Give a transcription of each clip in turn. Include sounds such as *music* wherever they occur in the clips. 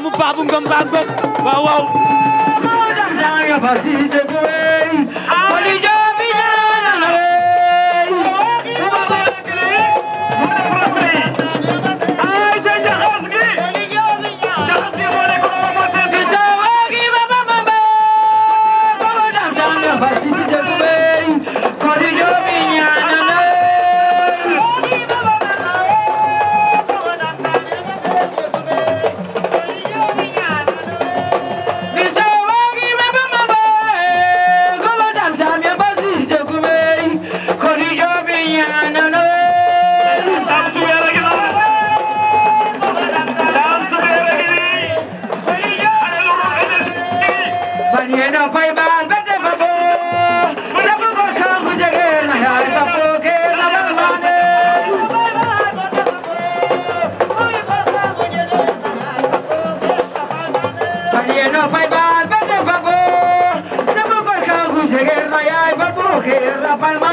doomu Babou Ngom ba Ngom waaw waaw Ay, va a coger la palma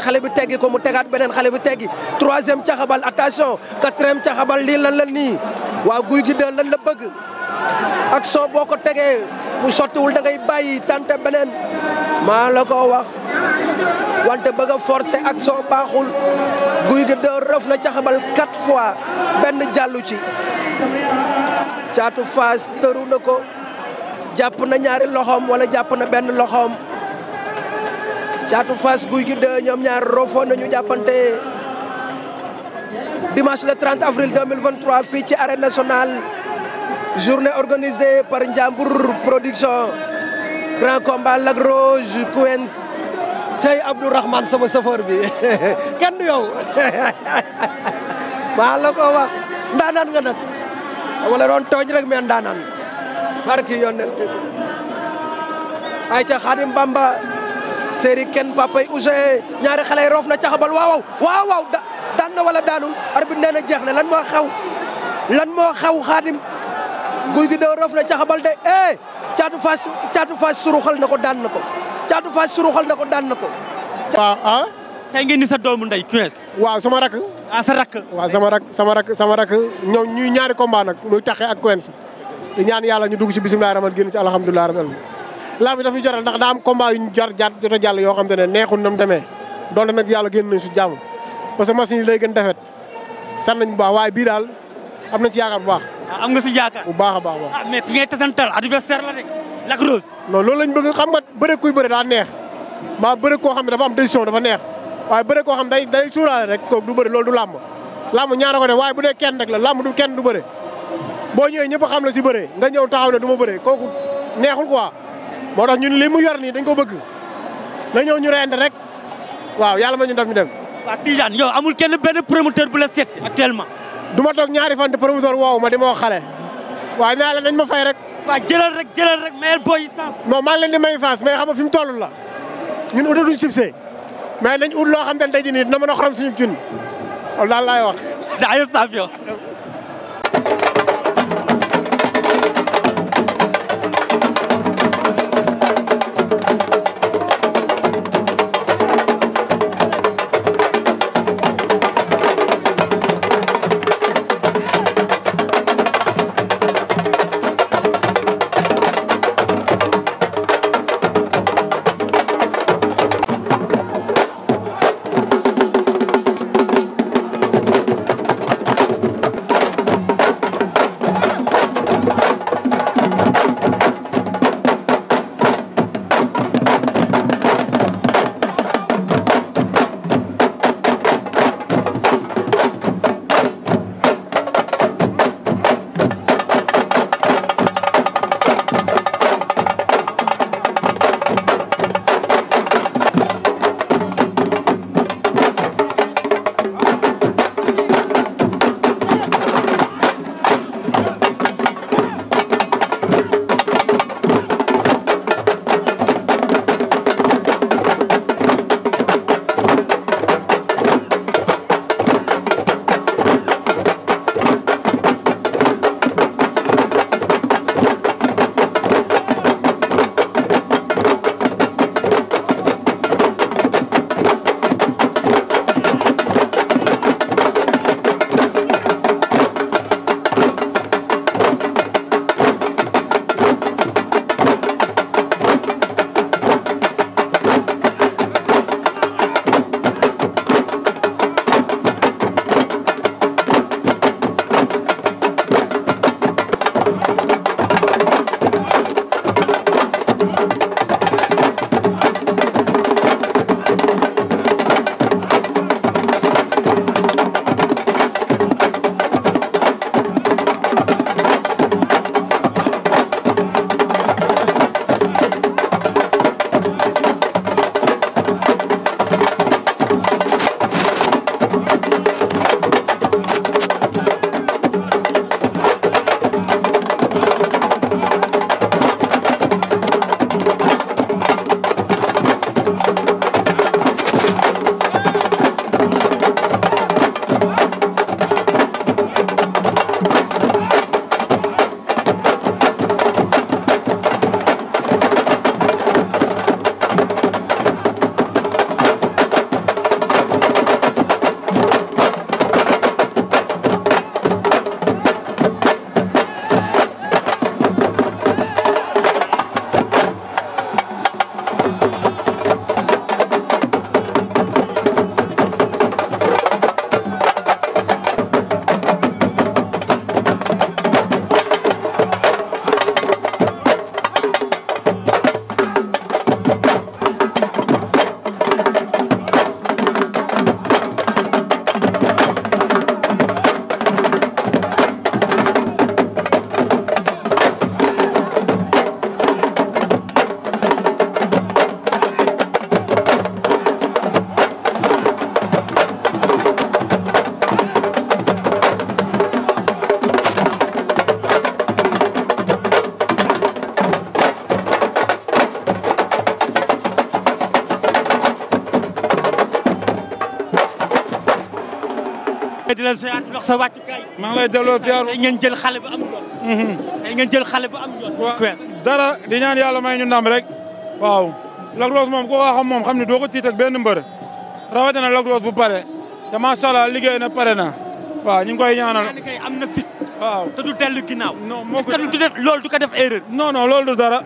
xale bi teggi ko mu tegaat beneen xale bu teggi troisième caxabal attention quatrième caxabal lii lan la nii waaw guy gi de lan la bëgg ak boo ko tegee mu sottiwul dangay bàyyi tante beneen maa la ko wax wante bëgg a forcer ak baaxul guy gi de rëf caxabal quatre fois benn jàllu ci caatu faas tëru na ko jàpp na ñaari loxoom wala jàpp na benn loxoom caatu Fass guy gi de ñoom ñaar rofoon nañu jàppante dimanche le 30 avril 2023 fii ci arène nationale journée organisée par Ndiambour production grand combat Lac Rose Queens cey Abdourahmane sama chauffeur bi *laughs* kenn du yow *laughs* maa la wax ndaanaan nga nag wala doon tooñ rek mais ndaanaan nga barki yonent ay ca Xaadim Bamba séeri kenn papay Ouzin ñaari xale yi roof na caxabal waaw waaw waaw daan na wala daanul arbitre nee na jeex na lan moo xew lan moo xew xaadim guy gi doo roof na caxabal de eh caatu faas caatu faas suruxal na ko daan na ko caatu faas suruxal na ko daan na ko. waaw ah. tey ngeen ni sa doomu ndey Quench. waaw sama rak. ah sa rak. waaw sama rak sama rak sama rak ñoom ñuy ñaari combat nag muy taxe ak Quench di ñaan yàlla ñu dugg ci bisimilah rahmaani génn ci alhamdulilah rabbil laam bi dafa jaral ndax daa am combat yu jar jar jot jàll yoo xam te ne neexul na mu demee donte nag yàlla génn nañ si jàmm parce que machine yi day gën defet san nañ bu baax waaye bii daal am na ci yaakaar bu baax. Ah, am nga si yaakaar bu baax a baax baax. ah mais ki ngay tasantal adversaire la rek Lac Rose. loolu lañ bëgg xam nga bëre kuy bëre daa neex maa bëre koo xam ne dafa am décision dafa neex waaye bëre koo xam day day suuraale rek kooku du bëre loolu du làmb làmb ñaara ko def waaye bu dee kenn rek la làmb du kenn du bëre boo ñëwee ñëpp xam la si bëre nga ñëw taxaw ne du ma kooku neexul quoi moo tax ñun li mu yor nii dañ ko bëgg na ñëw ñu reyante rek waaw yàlla ma ñu def ñu dem. waaw Tidiane yow amul kenn benn promoteur bu la seet si actuellement. du ma toog ñaari fan te promoteur woowu ma di ma wax xale. waaye naa la dañ ma fay rek. waaw jëlal rek jëlal rek mayel booy sens. non maa ngi leen di may sens mais xam nga fi mu toll la ñun utatuñ succès mais nañ ut loo xam te ne tey jii nii dina mën a xorom suñu cun loolu laay wax. daa yow saaf yow. sa wàccukaay. maa ngi lay delloo ziar tey ngeen xale bu am yoon. jël xale bu am yoon. Mhm. dara di ñaan yàlla may ñu ndam rek. waaw Lac moom ku ko xam moom xam ne doo ko tiit benn mbër rawa Lac Rose bu pare te macha allah liggéey na pare na waaw ñu ngi koy ñaanal. am na fit. waaw du dellu gi non moo ko du def loolu ko def erreur. non non loolu du dara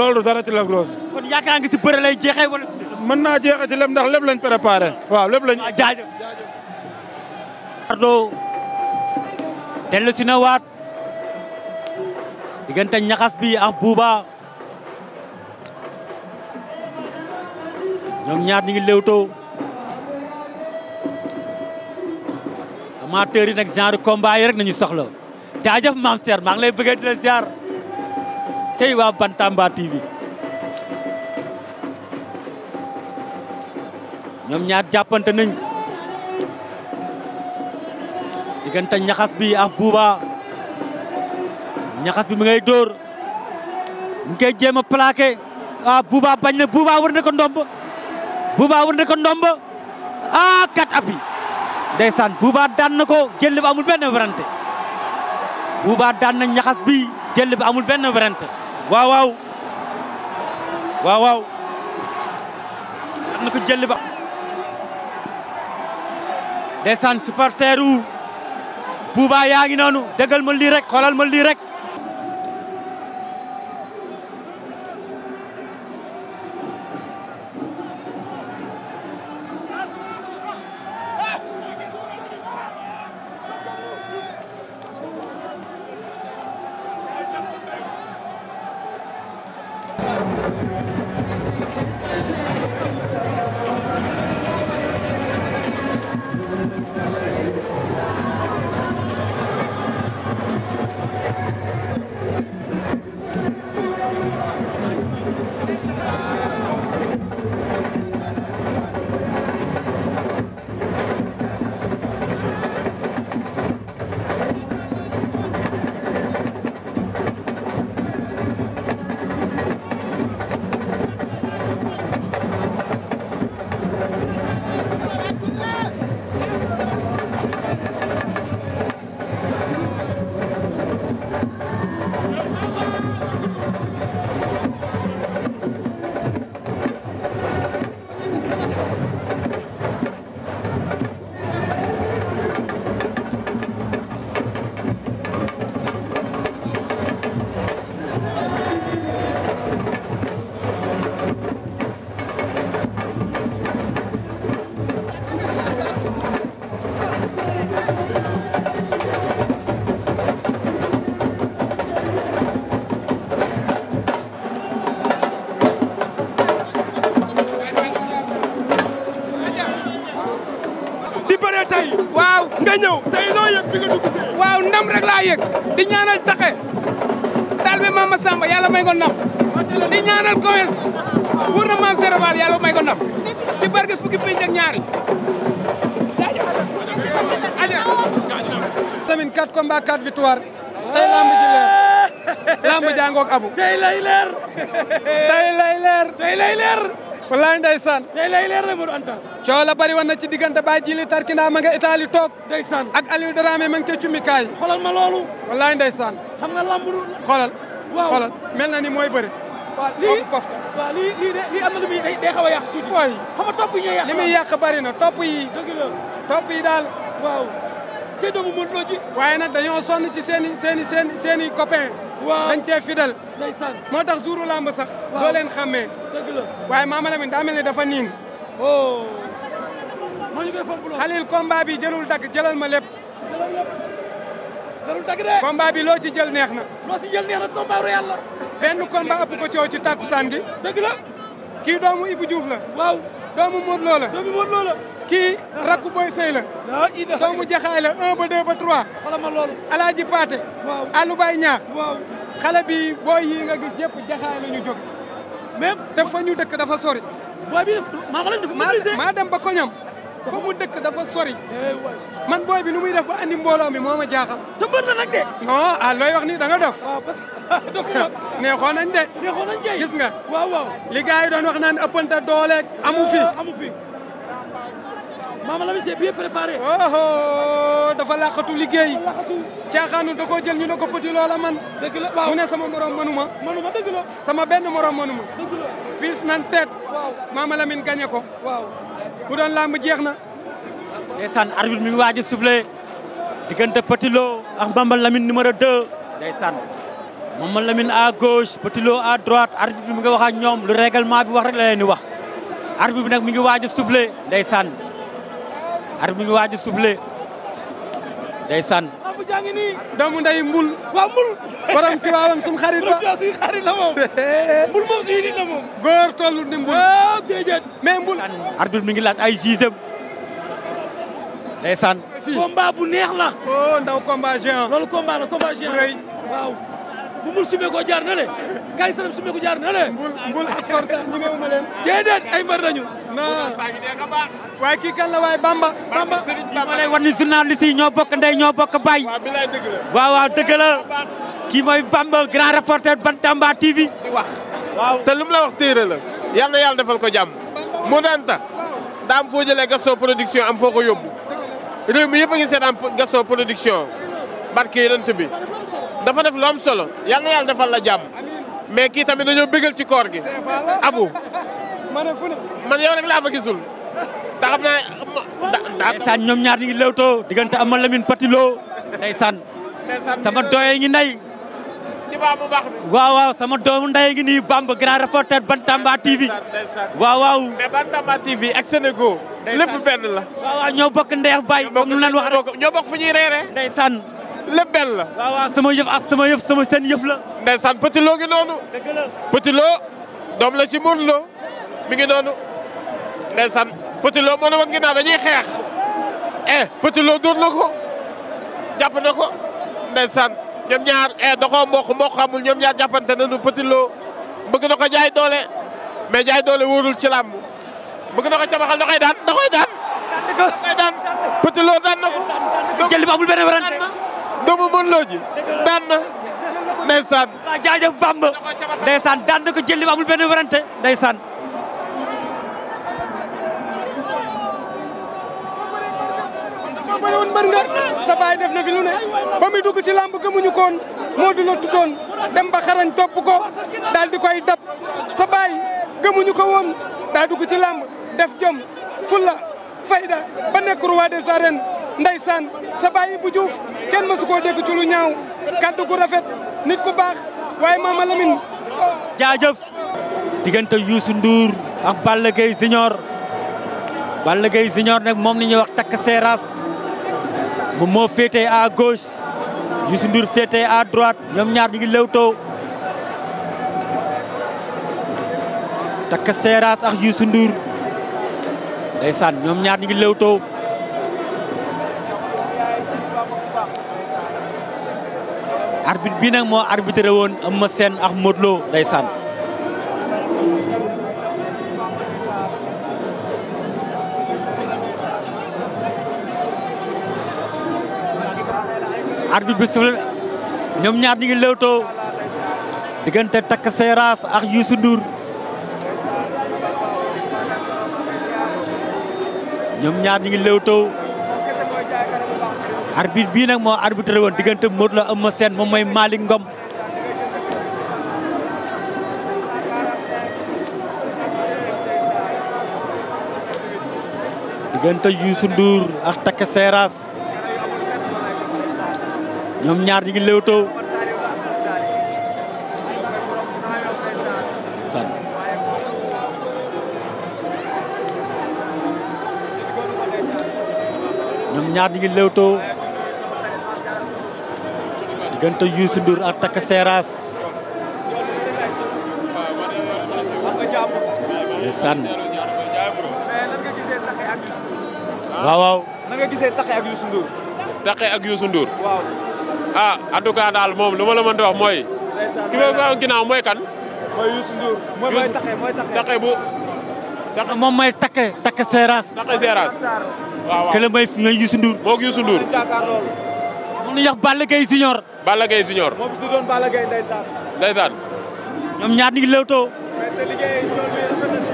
loolu du dara ci Lac Rose. kon yaakaar nga ci bëre lay jeexee wala. mën naa jeexee ci lépp ndax lépp lañ préparé. waaw lépp lañ. waaw dellu si na waat diggante ñaxas bi ak buuba ñoom ñaar ñu ngi lewtoo amateur yi nag genre combat yi rek nañu soxla jaajëf maam Seer maa ngi lay bëggee di la ziar tey waa Bantamba TV ñoom ñaar jàppante nañ diggante ñaxas bi ak buuba ñaxas bi mi ngay door mu ngi koy jéem a plaqué ah buuba bañ na buuba war na ko ndomb buuba war na ko ndomb ah kat api ndeysaan buuba daan na ko jël bi amul benn werante buuba daan na ñaxas bi jël bi amul benn werante waaw waaw daan na ko jël ba ndeysaan supporteru Bouba yaa ngi noonu dëggal ma lii rek xoolal ma lii rek yëg di ñaanal taxe taal bi Mama Samba yàlla may ko ndam di ñaanal commerce wóor na maam Serval yàlla may ko ndam ci barke fukki pénc ak ñaari aja tamit 4 combats 4 victoires tey lamb ji abu tey lay leer tey lay leer tey lay leer wallaay lay leer rek Modou Anta coow la bari woon na ci diggante baa Jili Tarkindaa ma nga Italie toog. ndeysaan ak Aliou Dramé ma nga ca cummikaay. xoolal ma loolu. wallaay ndeysaan. xam nga lamb lu. waaw xoolal mel na ni mooy bëri. waaw lii waaw lii lii lu muy day a yàq tuuti. waay xam nga li muy yàq bari na topp yi. topp yi daal. waaw te doomu mën waaye nag dañoo sonn ci seeni i seen i seen i seen i copains. waaw dañ cee fidèle. moo tax jouru lamb sax. waaw doo leen xàmmee. dëgg la waaye Mama Lamine ni dafa niin oh. moo ñu koy fomp lool bi jëlul dagg jëlal ma lépp. jëlal lépp bi loo ci jël neex na. loo ci jël neex la. benn combat ëpp ko coow ci takkusaan gi. dëgg la. kii doomu Ibou Diouf la. waaw doomu Modou la. doomu Modou Lo kii rakku Boy Sey la. doomu Jaxaay la 1 ba 2 ba 3. xala ma loolu. Alaaji Paate. waaw Aloubay Ñaax. xale bi booy yi nga gis yëpp Jaxaay la ñu jóg. te fa ñu dëkk dafa sori. booy bi maa ko leen dafa mobilisé maa dem ba koñam fa mu dëkk dafa sori man booy bi nu muy def ba andi mbooloo mi moo ma jaaxal te mbër la nag de non ah looy wax nii da nga dof waaw ah, parce que *laughs* dof neexoon nañ de neexoon nañ de gis nga waaw waaw li gars yi doon wax naan ëppante dooleeg amu fi ah, amu fi Mama Lamine c'est bien préparé. oh dafa laqatu liggéey. dafa laqatu da koo jël ñu ne ko petit loola man. dëgg la waaw mu ne sama morom mënuma. mënuma dëgg la. sama benn morom mënuma. dëgg la piis nan teet. waaw Mama Lamine gagné ko. waaw bu doon làmb jeex na. ndeysaan arbitre mi ngi waaj a soufflé diggante Petit Lo ak Mama Lamine numéro 2 ndeysaan Mama Lamine à gauche Petit Lo à droite arbitre bi mi ngi wax ak ñoom lu règlement bi wax rek la di wax arbitre bi nag mi ngi waaj a soufflé ar mi ngi waaj a soufflé ndeysaan bu jàngi nii doomu nday mbul waaw mbul borom tubaabam suñu xarit xarit la moom *laughs* mbul moom suñu nit la moom góor tollu ni mbul eh, déedéet mais mbul arbitre mi ngi laaj ay gisem ndeysaan combat bu neex la oh ndaw combat géant loolu combat la combat géant waaw bu mbul sumee ko jaar na le kay saram sumee ko jaar na le mbul mbul ak ay mbër nañu naa waaye kii kan la waaye bamba bamba kii ma lay wan ni journaliste yi ñoo bokk ndey ñoo bokk baay waaw waaw dëgg la kii mooy bamba grand reporter Bantamba TV wax waaw te lu mu la wax téere la yal na yàlla defal ko jàmm mu danta daa am foo jëlee Gaston am foo ko yóbbu réew mi yëpp a ngi seetaan Gaston production barke bi dafa def lu am solo yal na yàlla defal la jàmm mais kii tamit dañoo bëggal ci koor gi abu man yow rek laa fa gisul te xam naa ndeysaan ñoom ñaar ñi ngi lewtoo diggante Ama Lamine Petit Lo ndeysaan sama doye ngi nay waaw waaw waaw sama doomu ndey ngi nii Bamba grand reporter Bantamba TV waaw waaw mais Bantamba TV ak Sénégal lépp benn la waaw waaw ñoo bokk ndeex bay comme ñu leen wax ñoo bokk fu ñuy reere ndeysaan lépp la. waaw waaw sama yëf sama yëf sama la. ndeysaan Petit Lo ngi noonu. dëgg la doom la si Modou Lo mi ngi noonu ndeysaan Petit Lo moo ne woon ginnaaw dañuy xeex eh Petit Lo na ko jàpp na ko ndeysaan ñoom ñaar eh da koo mboq mboq amul ñoom ñaar jàppante nañu Petit Lo bëgg na ko jaay doole mais jaay doole wóorul ci làmb bëgg na ko cabaxal da koy daan da koy daan. da daan Petit ko. jël bi amul benn werante doomu Modou Lo ji daan na ndeysaan waaw jaajëf Bamba ndeysaan daan na ko nga sa baay def na fi lu ci làmb gëmuñu koon Modou Lo tuddoon dem ba topp ko daal koy dab sa baay gëmuñu ko woon ci làmb def jëm fulla fayda ba nekk roi des arènes ndeysaan sa bàyyi bu kenn mësu koo dégg ci lu ñaaw kaddu gu rafet nit ku baax waaye Mama Lamine jaajëf diggante Youssou Ndour ak Balla Gaye Junior Balla Gaye Junior nag moom la ñuy wax takk seeraas moom moo féetee à gauche Youssou Ndour féetee à droite ñoom ñaar ñu ngi lewtoo takk seeraas ak Youssou Ndour ndeysaan ñoom ñaar ñu ngi lewtoo arbitre bi nag moo arbitré woon Eumeu Sène ak Modou Lo ndeysaan arbitre bi sifle ñoom ñaar ñu ngi lewtoo diggante Takk Seeraas ak Youssou Ndour ñoom ñaar ñu ngi lewtoo arbitre bii nag moo arbitré woon diggante Modou Lo Eumeu Sène moom mooy Malick Ngom diggante Youssou Ndour ak Takke Seras ñoom ñaar ñu ngi lewtoo ñoom ñaar ñi ngi lewtoo diggante Youssou Ndour ak Taka Seras ndeysaan waaw gisee Taka ak Youssou Ndour Taka ak Youssou Ndour waaw ah daal moom lu ma la mën di wax mooy ki ma ko ginnaaw mooy kan mooy Youssou Ndour mooy Taka mooy Taka bu waaw kële may nga Youssou Ndour. moo Youssou Ndour. mu ngi yàq Balla Gaye Junior. Balla Gaye Junior. moo fi tuddoon Balla Gaye ndeysaan. ndeysaan. ñoom ñaar ñu ngi lewtoo. mais sa liggéey bi rafet na ci.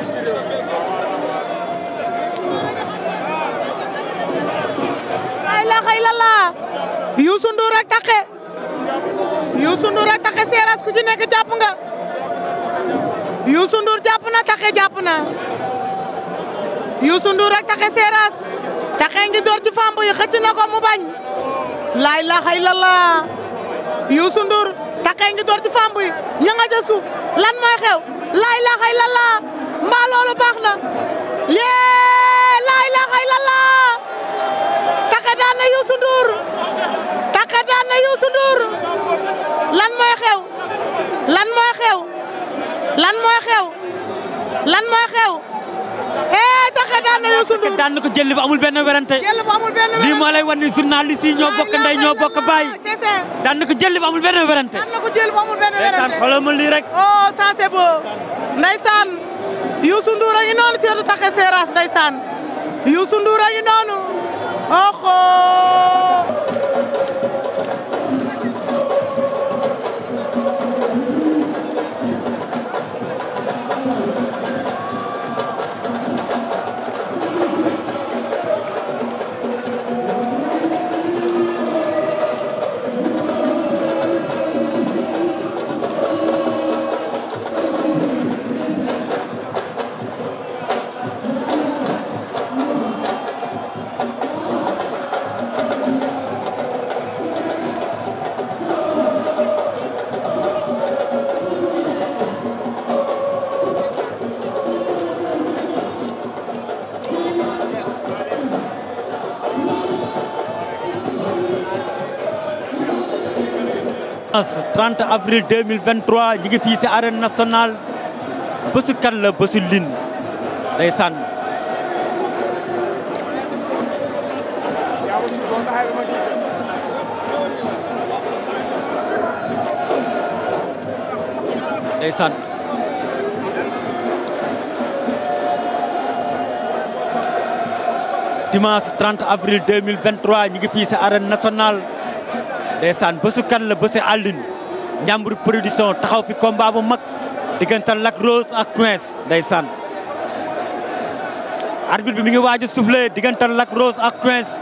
Youssou jàpp nga. taxe ngi door ci famb yi xëcc na ko mu bañ laa ilaaha illallah Youssou Ndour taxe ngi door ci famb yi ca suuf lan mooy xew laa ilaaha illallah mbaa loolu baax na yee laa ilaaha illallah taxe daan na Youssou Ndour taxe daan na lan mooy xew lan mooy xew lan mooy xew lan mooy xew Siteu daan na Youssou Ndour daan na ko jël bu amul benn werante jël bu werante lii moo lay wan ni ñoo bokk ndey ñoo bokk baay daan na ko jël bu amul benn werante daan na ko jël bu amul benn werante ndeysaan xoolal ma lii rek oh ça c'est beau ndeysaan Youssou Ndour a ngi noonu ci wetu taxe seeraas ndeysaan Youssou Ndour a 30 avril 2023 ñu ngi fii ci arène nationale bésu kan la bésu Lin day sànn day sànn dimanche 30 avril 2023 fii ci arène nationale ndeysaan bésu kan la bésu àllin njàmbur production taxaw fi combat bu mag diggante Lac Rose ak Quench ndeysaan arbitre bi mi ngi waaj a soufflé diggante Lac Rose ak Quench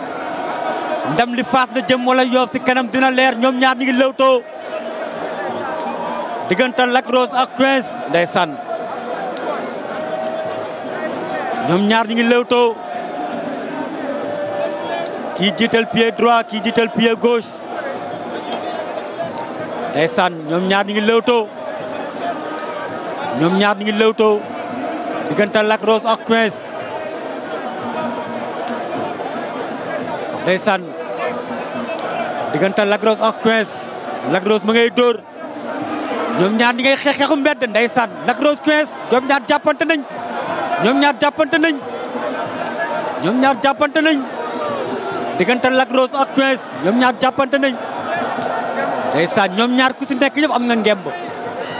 ndam li faas la jëm wala yoof si kanam dina leer ñoom ñaar ñu ngi lewtoo diggante Lac Rose ak Quench ndeysaan ñoom ñaar ñu ngi lewtoo kii jiital pied droit kii jiital pied gauche ndeysaan ñoom ñaar ñu ngi lewtoo ñoom ñaar ñu ngi lewtoo diggante Lac Rose ak Quench ndeysaan diggante Lac Rose ak Quench Lac ngay dóor ñoom ñaar ñi ngay xeex xeexu mbedd ndeysaan Lac Rose Quench ñoom ñaar jàppante nañ ñoom ñaar jàppante nañ ñoom ñaar jàppante nañ diggante Lac Rose ak Quench ñoom ñaar jàppante nañ saa ñoom ñaar ku ci nekk yëpp am nga ngemb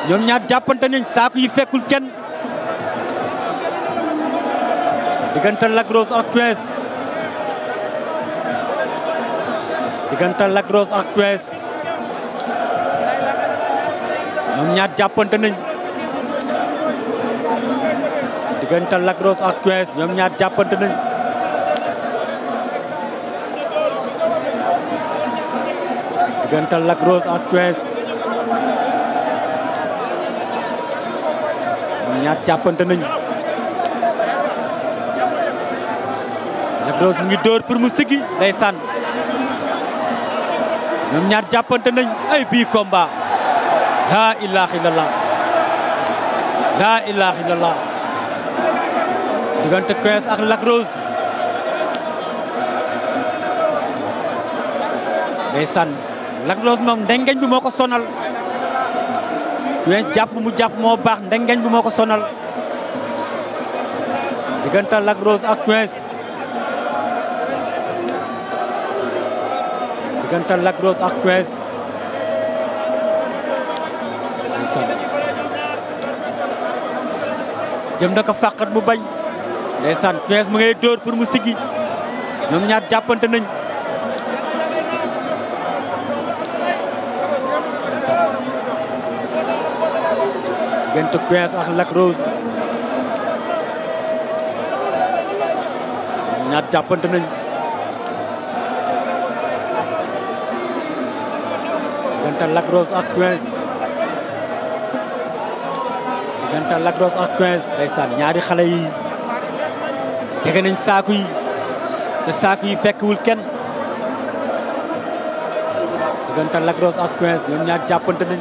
ñoom ñaar jàppante nañ saako yu fekkul kenn diggante Lac Rose ak Quench diggante Lac Rose ak Quench ñoom ñaar jàppante nañ diggante Lac ak Quench ñoom ñaar jàppante nañ diggante Lac Rose ak Thiès ñaar jàppante nañu Lac mu ngi dóor pour mu sigi day sànn ñoom ñaar jàppante nañ ay bii combat laa ilaaha illallah laa ilaaha illallah diggante Thiès ak Lac Rose day Lac Rose moom ndengeñ bi moo ko sonal wees jàpp mu jàpp moo baax ndengeñ bi moo ko sonal diggante Lac Rose ak wees diggante Lac Rose ak wees jëm na ko fàqat mu bañ ndeysaan wees mu ngay dóor pour mu siggi ñoom ñaar jàppante nañ diggante Quench ak Lac Rose ñaar jàppante nañ diggante Lac Rose ak Quench diggante Lac Rose ak Quench ndeysaan ñaari xale yi jege nañ saaku yi te saaku yi fekkwul kenn diggante Lac Rose ak Quench ñoom ñaar jàppante nañ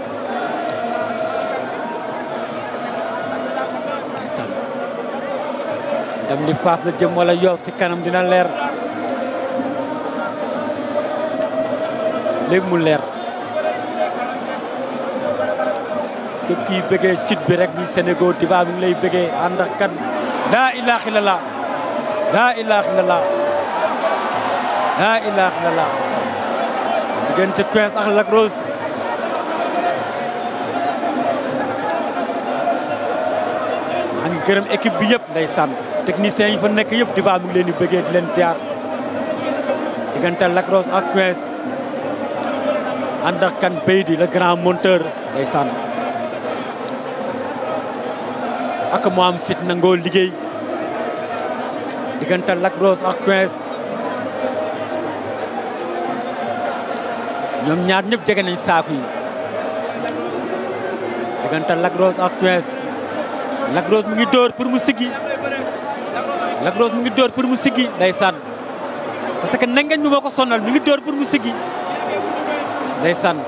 dem di faas la jëm wala yoof ci kanam dina leer léegi mu leer képp kiy bëggee sud bi rek bi Sénégal Diba mi ngi lay bëggee ànd ak kan laa ilaaha illallaah laa ilaaha illallaah laa ilaaha illallaah diggante Quench ak Lac Rose gërëm équipe bi yëpp ndeysaan techniciens yi fa nekk yëpp Diba ngi leen di bëggee di leen ziar diggante Lac Rose ak Quench ànd ak kan béy di la grand monteur ndeysaan ak moo am fit nangoo liggéey diggantal Lac Rose ak Quench ñoom ñaar ñëpp jege nañ saaku yi diggante Lac Rose ak Quench Lac Rose mu ngi dóor pour mu siggi Lac mu ngi dóor pour mu siggi ndeysaan parce que nengeñ bi moo ko sonal mu ngi dóor pour mu siggi ndeysaan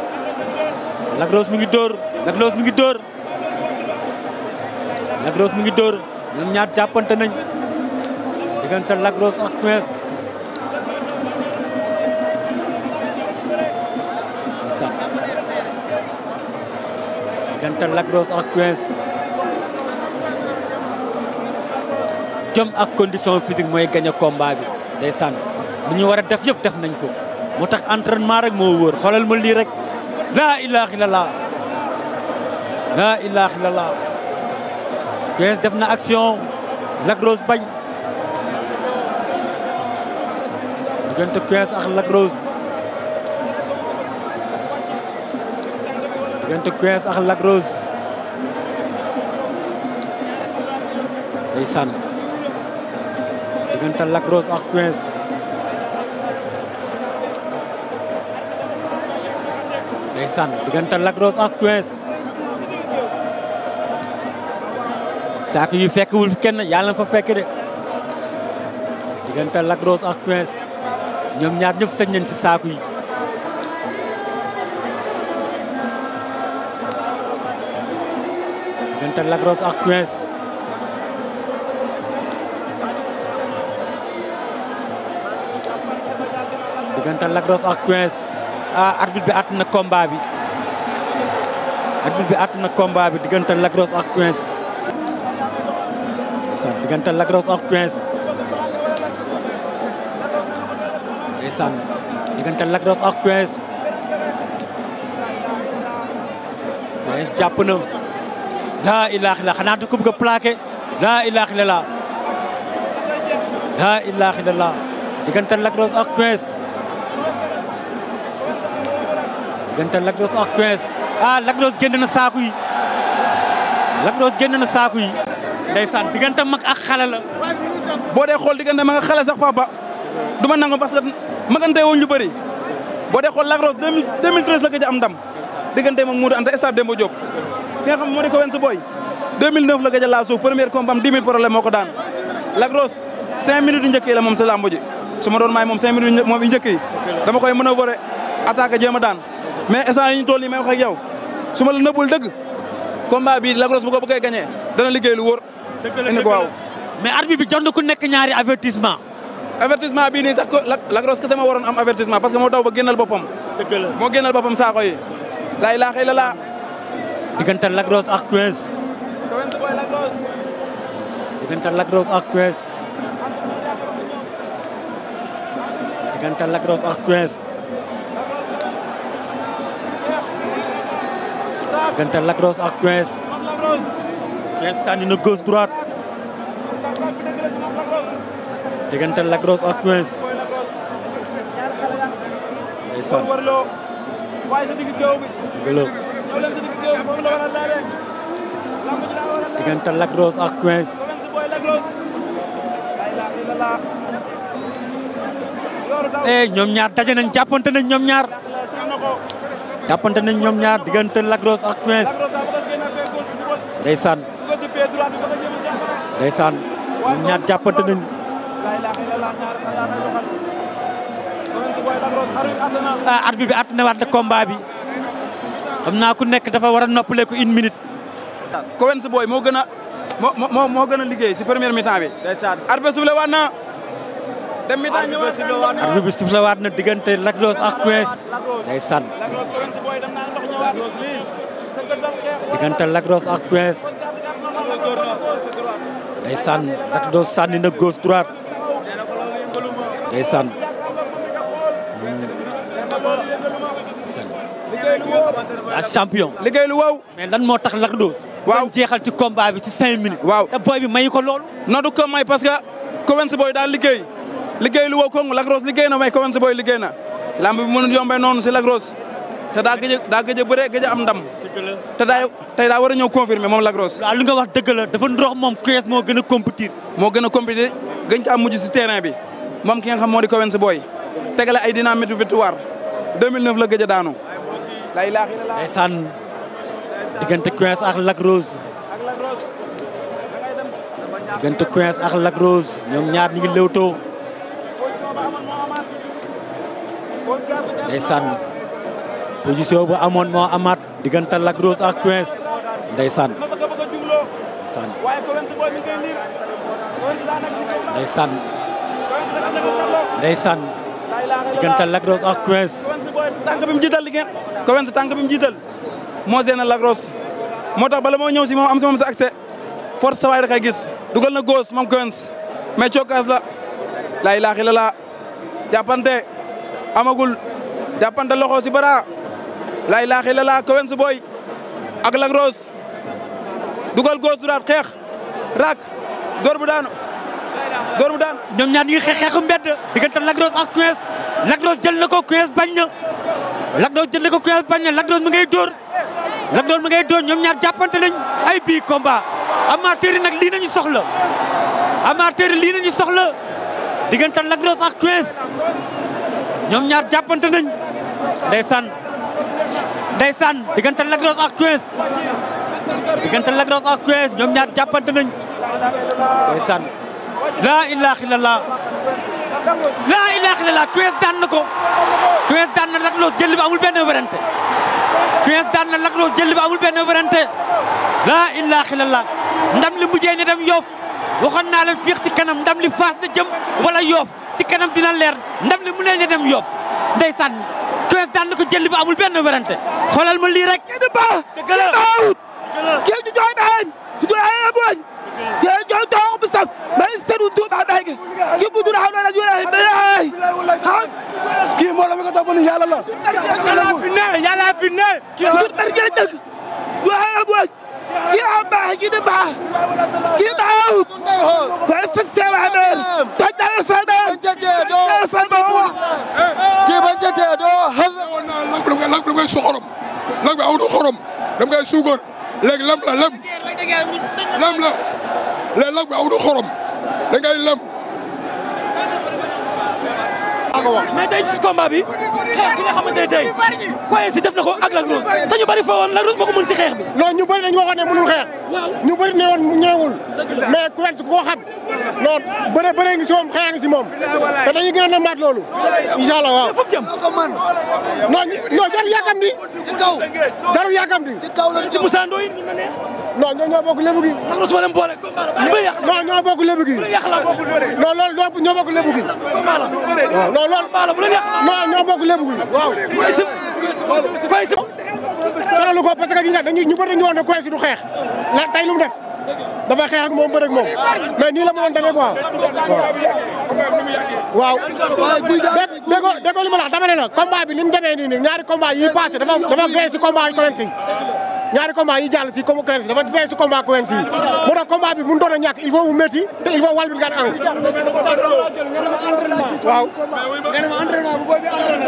Lac Rose mu ngi dóor Lac Rose mu ngi dóor Lac Rose mu ngi dóor ñaar jàppante nañ diggante Lac Rose jom ak condition physique mooy gagné combat bi day sànn lu ñu war a def yëpp def nañ ko moo tax entraînement rek moo wóor xoolal ma lii rek laa ilaha illallah laa ilaha illallah kees def na action Lac Rose bañ diggante kees ak Lac Rose diggante kees ak Lac Rose sànn diggante Lac Rose ak Quench ndeysaan diggante Lac Rose ak Quench saako yu fekkwul kenn yàlla na fa fekk de diggante Lac Rose ak Quench ñoom ñaar ñëpp sañ nañ ci saako yi diggante Lac Rose ak Quench diggante Lac Rose ak Quench ah arbitre bi àtt na combat bi arbitre bi àtt na combat bi diggante Lac Rose ak Quench ndeysaan diggante Lac Rose ak Quench ndeysaan diggante Lac Rose ak Quench Quench jàpp na laa ilaaha illa xanaa du ko bëgg a plaqué laa ilaaha illa laa ilaaha illa laa diggante Lac Rose ak Quench diggante Lac Rose ak Quench ah Lac Rose génn na saaku yi Lac Rose génn na saaku yi ndeysaan diggante mag ak xale la boo dee xool diggante mag ak xale sax papa du ma nangu parce que magante woon ñu bëri boo dee xool Lac Rose 2013 la gëj a am ndam diggante moom Modou Anta stade Demba Diop ki nga xam moo di ko wen sa booy 2009 la gëj a laa suuf premier combat am 10 000 problème moo ko daan Lac Rose 5 minutes yu njëkk yi la moom sa lamb ji su ma doon maay moom 5 minutes moom yu njëkk yi dama koy mën a attaque jéem a daan mais instant yi ñu toll nii may wax ak yow su ma la nëbbul dëgg combat bi Lac Rose bu ko bëggee dana liggéey lu wóor. dëgg ko waaw. mais arbitre bi jox na ku nekk ñaari avertissement. avertissement bii nii sax ko Lac Rose waroon am avertissement parce que moo daw ba génnal boppam. dëgg la moo génnal boppam saako yi. laay laa xëy la ak Quench. diggante Lac Rose ak Quench Quench sànni na gauche droite diggante Lac Rose ak Quench ndeysaan gëloo eh, ñoom ñaar daje nañ jàppante nañ ñoom jàppante nañ ñoom ñaar diggante Lagros ak Quench ndeysaan ndeysaan ñoom ñaar jàppante nañ ah arbitre bi àtt na waat na combat bi xam naa ku nekk dafa war a noppaleeku ko une minute Quench booy moo gën a moo moo moo gën a liggéey si première mi bi ndeysaan arbitre bi waat na arbitre bi sifle na diggante Lac Rose ak Quench ndeysaan diggante Lac Rose ak Quench ndeysaan Lac Rose sànni na gauche droite ndeysaan a champion liggéey lu waaw lan moo tax Lac Rose waaw jeexal ci combat bi ci cinq minutes waaw booy bi mayu ko loolu non du ko may parce que Quench booy daal liggéey liggéey lu woo koŋ Lac Rose liggéey na may Quench Boy liggéey na lamb bi mënut yombee noonu si Lac te daa gëj a daa gëj a bëre gëj a am ndam te daa war a ñëw confirmer moom Lac Rose waaw li nga wax dëgg la dafa ndox moom Quench moo gën a compétir moo gën a compétir gën am mujj si terrain bi moom ki nga xam moo di Quench Boy tegale ay dynamite victoire 2009 la gëj a daanu lay laax ndeysaan diggante Quench ak Lac Rose diggante Quench ak Lac Rose ñoom ñaar ñi ngi lewtoo ndeysaan position bu amoon moo amaat diggante Lac Rose ak Quench ndeysaan ndeysaan ndeysaan ndeysaan diggante Lac Rose ak Quench tànk bi mu jiital liggéey Quench tànk bi mu jiital moo seen Lac Rose moo tax bala moo ñëw si moom am si moom sa accès force waay da dugal na góos moom Quench mais cokkaas la laa ilaaha illallaah jàppante amagul jàppante loxo si bara lay laaxi la laa si Boy ak Lac Rose dugal góos duraat xeex raak góor bu daanu góor bu daanu ñoom ñaar ñi ngi xeex xeexu mbedd diggante Lac Rose ak Quench Lac jël na ko Quench bañ na Lac jël na ko Quench bañ na Lac Rose ngay dóor Lac Rose ngay dóor ñoom ñaar jàppante nañ ay bii combat amateur yi nag lii nañu soxla amateur yi lii nañu soxla diggante Lac Rose ak Quench ñoom ñaar jàppante nañ ndeysaan ndeysaan diggante san Rose ak Quench diggante Lac ak Quench ñoom ñaar jàppante nañ ndeysaan laa ilaaha illallah laa ilaaha illallah Quench daan na ko Quench daan na Lac Rose jël bi amul benn werante Quench daan na Lac Rose jël bi amul benn werante laa ilaaha illallah ndam li mujjee ne dem Yoff waxoon naa leen fiix ci kanam ndam li faas la jëm wala yoof ci kanam dina leer ndam li mu nee na dem yoof ndeysaan Quench daan na ko jël ba amul benn werante xoolal ma lii rek. dëgg la dëgg la dëgg la kii di joxe baañ di joxe ay booñ kii di joxe taw bu ma ne seetlu kii bu dul xawla la jure ah, ni yàlla la yàlla fi ne yàlla fi ne kii bu dul barke dëgg joxe ay booñ kii am baax kii di baax kii daaw day sëgte wax neen toj dal sa neen toj sa ba wax kii ba jëtee doo xel lamb da ngay su xorom lamb bi amatul xorom da ngay suukar léegi lamb la lamb lamb la léegi lamb bi amatul xorom da ngay lamb mais tey ci combat bi xeex bi nga xamante tey Koye si def na ko ak Lac Rose te ñu bëri fa woon Lac Rose moo si xeex bi. non ñu bëri dañu waxoon ne mënul xeex. ñu bëri ne woon ñëwul. mais ku wet koo xam. non bëree bëree ngi si moom xeex ngi si moom. te dañuy gën a namaat loolu. incha allah waaw fu mu jëm. non non jarul yaakaar ni. ci kaw jarul yaakaar la ci Moussa Ndoye mën na neex. non ñoo ñoo bokk lébu gi. non bokk lébu waaw non loolu. maanaam bu la neex. non ñoo bokk waaw. coinsi coinsi. sonalu ko parce que dañuy ñu bëri dañu wax ne coinsi du xeex la tey lu mu def dafa xeex ak moom bëri ak moom mais nii la ma doon demee quoi waaw. waaw déggoo déggoo li la dama ne la combat bi ni mu ñaari combat yi passé dafa dafa gën si combat ñaari combat yi jàll si comme Quench dafa fexe si combat Quench yi bi bu ñu doon a ñàkk il faut mu métti te waaw.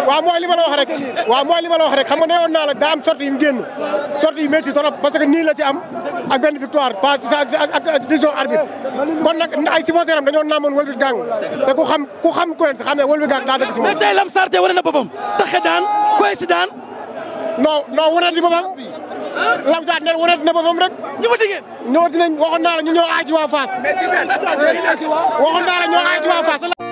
waaw mooy li ma wax rek. waaw mooy li ma wax rek xam nga neewoon naa la daa am yi yu mu génn sortie yu métti trop parce que nii la ci am a benn victoire pas ak décision arbitre kon nag ay supporters am dañoo naamoon wël bi gang te ku xam ku xam Quench xam ne wël bi gang si moom. mais tey Lam Sarr tey wane na boppam taxe daan Quench daan. non wane na li Lamsaat neen wane na boppam rek. ñëwati ngeen. ñëwati nañ waxoon naa la ñu ñoo aay ci